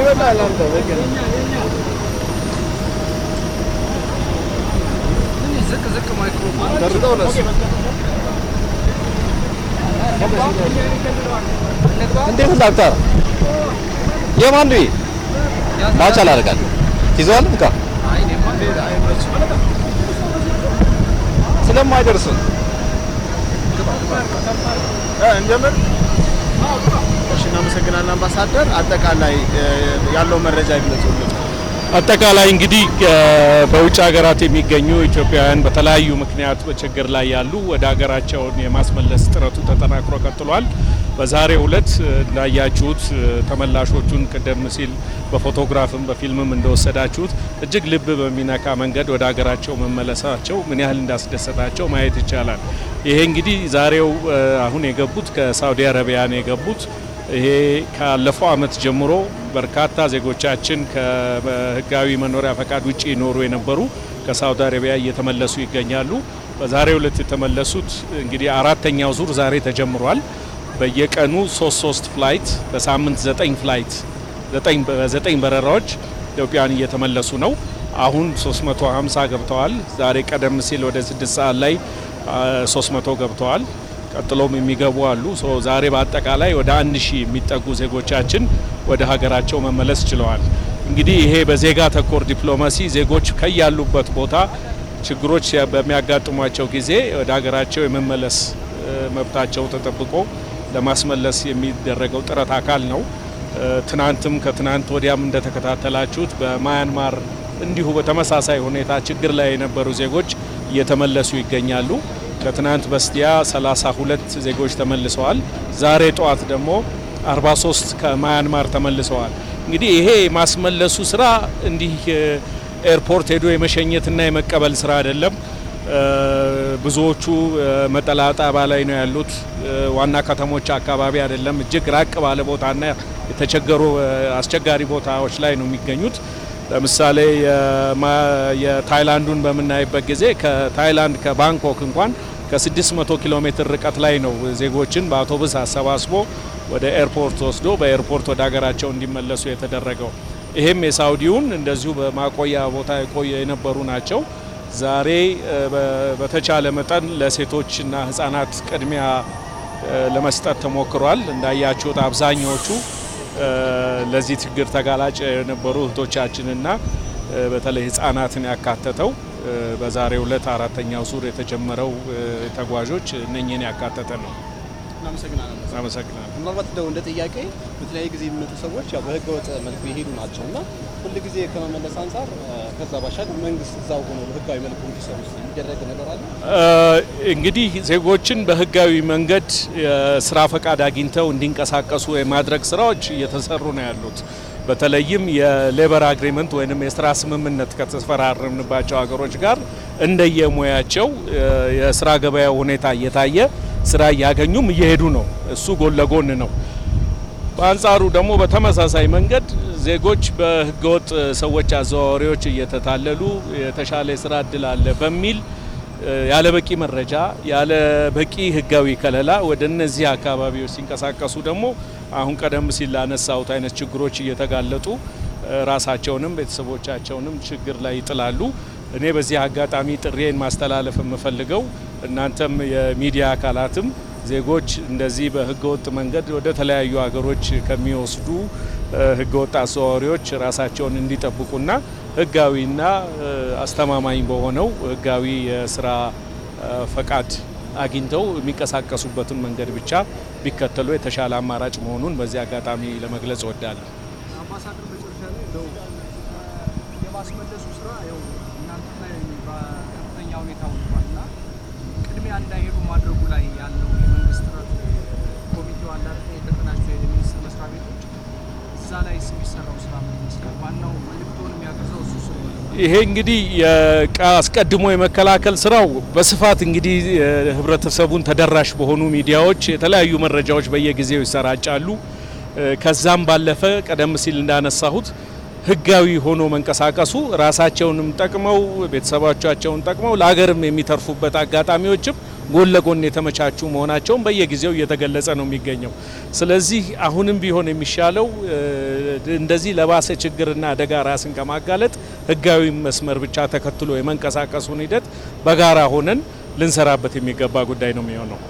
ይበቃል። አንተ በቃ ዝቅ ዝቅ እንዴት ላክታር የማን ዱይ ማቻ ላደርጋል ይዘዋል እንካ ስለማይደርስን እሺ፣ እናመሰግናለን አምባሳደር። አጠቃላይ ያለው መረጃ ይግለጹልን። አጠቃላይ እንግዲህ በውጭ ሀገራት የሚገኙ ኢትዮጵያውያን በተለያዩ ምክንያት በችግር ላይ ያሉ ወደ ሀገራቸውን የማስመለስ ጥረቱ ተጠናክሮ ቀጥሏል። በዛሬው ዕለት እንዳያችሁት ተመላሾቹን ቅደም ሲል በፎቶግራፍም በፊልምም እንደወሰዳችሁት እጅግ ልብ በሚነካ መንገድ ወደ ሀገራቸው መመለሳቸው ምን ያህል እንዳስደሰታቸው ማየት ይቻላል። ይሄ እንግዲህ ዛሬው አሁን የገቡት ከሳውዲ አረቢያ ነው የገቡት ይሄ ካለፈው አመት ጀምሮ በርካታ ዜጎቻችን ከህጋዊ መኖሪያ ፈቃድ ውጭ ይኖሩ የነበሩ ከሳውዲ አረቢያ እየተመለሱ ይገኛሉ። በዛሬው ሁለት የተመለሱት እንግዲህ አራተኛው ዙር ዛሬ ተጀምሯል። በየቀኑ ሶስት ሶስት ፍላይት በሳምንት ዘጠኝ ፍላይት ዘጠኝ በረራዎች ኢትዮጵያን እየተመለሱ ነው። አሁን 350 ገብተዋል። ዛሬ ቀደም ሲል ወደ ስድስት ሰዓት ላይ 300 ገብተዋል። ቀጥሎም የሚገቡ አሉ። ዛሬ በአጠቃላይ ወደ አንድ ሺህ የሚጠጉ ዜጎቻችን ወደ ሀገራቸው መመለስ ችለዋል። እንግዲህ ይሄ በዜጋ ተኮር ዲፕሎማሲ ዜጎች ከያሉበት ቦታ ችግሮች በሚያጋጥሟቸው ጊዜ ወደ ሀገራቸው የመመለስ መብታቸው ተጠብቆ ለማስመለስ የሚደረገው ጥረት አካል ነው። ትናንትም ከትናንት ወዲያም እንደተከታተላችሁት በማያንማር እንዲሁ በተመሳሳይ ሁኔታ ችግር ላይ የነበሩ ዜጎች እየተመለሱ ይገኛሉ። ከትናንት በስቲያ 32 ዜጎች ተመልሰዋል። ዛሬ ጠዋት ደግሞ 43 ከማያንማር ተመልሰዋል። እንግዲህ ይሄ የማስመለሱ ስራ እንዲህ ኤርፖርት ሄዶ የመሸኘትና የመቀበል ስራ አይደለም። ብዙዎቹ መጠላጣባ ላይ ነው ያሉት። ዋና ከተሞች አካባቢ አይደለም፣ እጅግ ራቅ ባለ ቦታና የተቸገሩ አስቸጋሪ ቦታዎች ላይ ነው የሚገኙት። ለምሳሌ የታይላንዱን በምናይበት ጊዜ ከታይላንድ ከባንኮክ እንኳን ከ600 ኪሎ ሜትር ርቀት ላይ ነው ዜጎችን በአውቶቡስ አሰባስቦ ወደ ኤርፖርት ወስዶ በኤርፖርት ወደ ሀገራቸው እንዲመለሱ የተደረገው። ይህም የሳውዲውን እንደዚሁ በማቆያ ቦታ የቆየ የነበሩ ናቸው። ዛሬ በተቻለ መጠን ለሴቶችና ህጻናት ቅድሚያ ለመስጠት ተሞክሯል። እንዳያችሁት አብዛኛዎቹ ለዚህ ችግር ተጋላጭ የነበሩ እህቶቻችንና በተለይ ህጻናትን ያካተተው በዛሬው ዕለት አራተኛው ዙር የተጀመረው ተጓዦች እነኝህን ያካተተ ነው። አመሰግናለሁ። ምናልባት ደው እንደ ጥያቄ በተለያየ ጊዜ የሚመጡ ሰዎች በህገወጥ መልኩ የሄዱ ናቸው እና ጊዜ ከመመለስ አንጻር ከዛ ባሻገር መንግስት እዛው ሆኖ በህጋዊ መልኩ እንዲሰሩ የሚደረግ ነገር አለ። እንግዲህ ዜጎችን በህጋዊ መንገድ ስራ ፈቃድ አግኝተው እንዲንቀሳቀሱ የማድረግ ስራዎች እየተሰሩ ነው ያሉት። በተለይም የሌበር አግሪመንት ወይም የስራ ስምምነት ከተፈራረምንባቸው ሀገሮች ጋር እንደየሙያቸው የስራ ገበያ ሁኔታ እየታየ ስራ እያገኙም እየሄዱ ነው። እሱ ጎን ለጎን ነው። በአንጻሩ ደግሞ በተመሳሳይ መንገድ ዜጎች በህገወጥ ሰዎች አዘዋዋሪዎች እየተታለሉ የተሻለ የስራ እድል አለ በሚል ያለ በቂ መረጃ ያለ በቂ ህጋዊ ከለላ ወደ እነዚህ አካባቢዎች ሲንቀሳቀሱ ደግሞ አሁን ቀደም ሲል ላነሳሁት አይነት ችግሮች እየተጋለጡ ራሳቸውንም ቤተሰቦቻቸውንም ችግር ላይ ይጥላሉ። እኔ በዚህ አጋጣሚ ጥሬን ማስተላለፍ የምፈልገው እናንተም የሚዲያ አካላትም ዜጎች እንደዚህ በህገወጥ መንገድ ወደ ተለያዩ ሀገሮች ከሚወስዱ ህገወጥ አዘዋዋሪዎች ራሳቸውን እንዲጠብቁና ህጋዊና አስተማማኝ በሆነው ህጋዊ የስራ ፈቃድ አግኝተው የሚንቀሳቀሱበትን መንገድ ብቻ ቢከተሉ የተሻለ አማራጭ መሆኑን በዚህ አጋጣሚ ለመግለጽ እወዳለሁ። አምባሳደር፣ መጨረሻ ላይ እንደው የማስመለሱ ስራ ያው እናንተ ላይ በከፍተኛ ሁኔታ ይሄ እንግዲህ አስቀድሞ የመከላከል ስራው በስፋት እንግዲህ ህብረተሰቡን ተደራሽ በሆኑ ሚዲያዎች የተለያዩ መረጃዎች በየጊዜው ይሰራጫሉ። ከዛም ባለፈ ቀደም ሲል እንዳነሳሁት ህጋዊ ሆኖ መንቀሳቀሱ ራሳቸውንም ጠቅመው ቤተሰባቸውን ጠቅመው ለሀገርም የሚተርፉበት አጋጣሚዎችም ጎን ለጎን የተመቻቹ መሆናቸውን በየጊዜው እየተገለጸ ነው የሚገኘው። ስለዚህ አሁንም ቢሆን የሚሻለው እንደዚህ ለባሰ ችግርና አደጋ ራስን ከማጋለጥ ህጋዊ መስመር ብቻ ተከትሎ የመንቀሳቀሱን ሂደት በጋራ ሆነን ልንሰራበት የሚገባ ጉዳይ ነው የሚሆነው።